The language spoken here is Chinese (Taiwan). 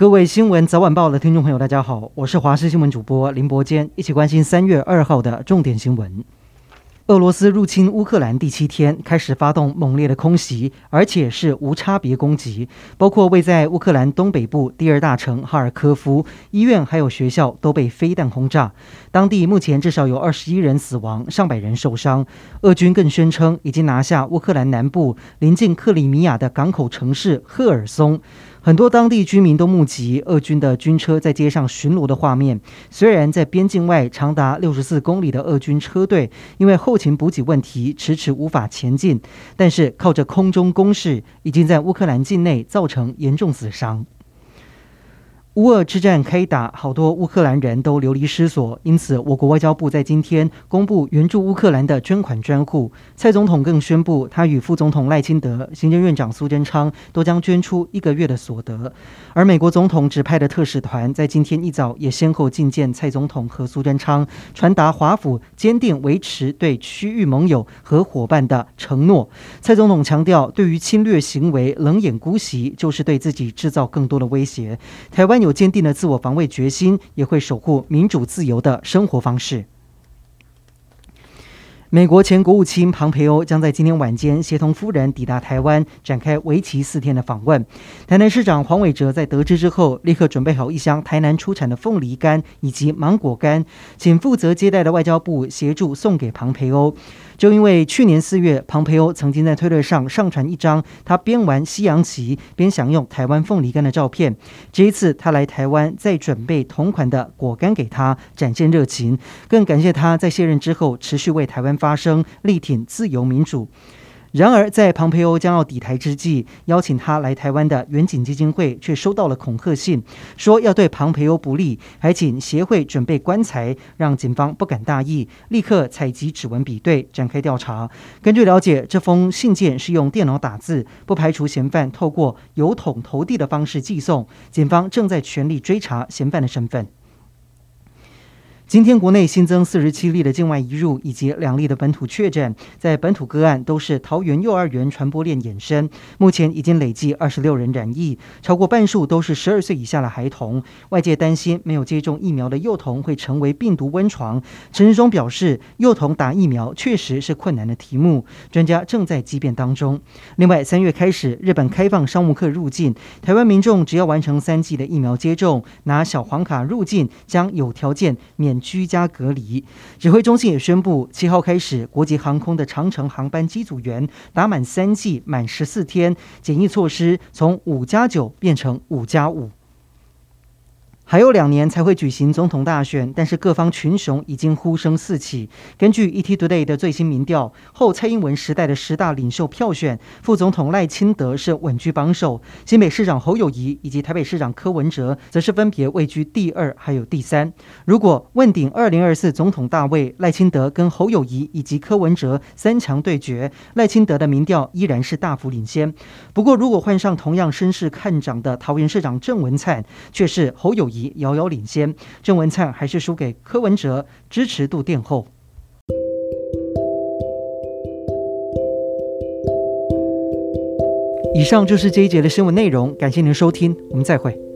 各位新聞早晚報的聽眾朋友，大家好，我是華視新聞主播林伯堅，一起關心三月二號的重點新聞。俄羅斯入侵烏克蘭第七天，開始發動猛烈的空襲，而且是無差別攻擊，包括位在烏克蘭東北部第二大城哈爾科夫，醫院還有學校都被飛彈轟炸。當地目前至少有二十一人死亡，上百人受傷。俄軍更宣稱已經拿下烏克蘭南部臨近克里米亞的港口城市赫爾松。很多當地居民都目擊俄軍的軍車在街上巡邏的畫面。雖然在邊境外長達六十四公里的俄軍車隊因為後勤補給問題遲遲無法前進，但是靠着空中攻勢，已經在烏克蘭境內造成嚴重死傷。烏俄之戰開打，好多烏克蘭人都流離失所，因此我國外交部在今天公布援助烏克蘭的捐款專戶。蔡總統更宣布，他與副總統賴清德、行政院長蘇貞昌都將捐出一個月的所得。而美國總統指派的特使團在今天一早也先後覲見蔡總統和蘇貞昌，傳達華府堅定維持對區域盟友和夥伴的承諾。蔡總統強調，對於侵略行為冷眼姑息，就是對自己製造更多的威脅。台灣。有堅定的自我防衛決心，也會守護民主自由的生活方式。美國前國務卿龐培歐將在今天晚間協同夫人抵達台灣，展開為期四天的訪問。台南市長黃偉哲在得知之後，立刻準備好一箱台南出產的鳳梨乾以及芒果乾，請負責接待的外交部協助送給龐培歐。就因為去年四月，龐培歐曾經在推特上上傳一張他邊玩西洋棋邊享用台灣鳳梨乾的照片。這一次，他來台灣，再準備同款的果乾給他，展現熱情，更感謝他在卸任之後持續為台灣發聲，力挺自由民主。然而，在龐培歐將要抵台之際，邀請他來台灣的遠景基金會卻收到了恐嚇信，說要對龐培歐不利，還請協會準備棺材，讓警方不敢大意，立刻採集指紋比對，展開調查。根據了解，這封信件是用電腦打字，不排除嫌犯透過郵筒投遞的方式寄送，警方正在全力追查嫌犯的身份。今天國內新增四十七例的境外移入，以及兩例的本土確診，在本土個案都是桃園幼兒園傳播鏈衍生，目前已經累計二十六人染疫，超過半數都是十二歲以下的孩童。外界擔心沒有接種疫苗的幼童會成為病毒溫床。陳時中表示，幼童打疫苗確實是困難的題目，專家正在激辯當中。另外，三月開始日本開放商務客入境，台灣民眾只要完成三劑的疫苗接種，拿小黃卡入境將有條件免居家隔離，指揮中心也宣布，七號開始，國際航空的長程航班機組員打滿三劑滿十四天，檢疫措施從五加九變成五加五。還有兩年才會舉行總統大選，但是各方群雄已經呼聲四起。根據 ETtoday 的最新民調，後蔡英文時代的十大領袖票選，副總統賴清德是穩居榜首，新北市長侯友宜以及台北市長柯文哲則是分別位居第二還有第三。如果問鼎二零二四總統大位，賴清德跟侯友宜以及柯文哲三強對決，賴清德的民調依然是大幅領先。不過，如果換上同樣聲勢看漲的桃園市長鄭文燦，卻是侯友宜，遙遙領先，鄭文燦還是輸給柯文哲，支持度殿後。以上就是這一節的新聞內容，感謝您收聽，我們再會。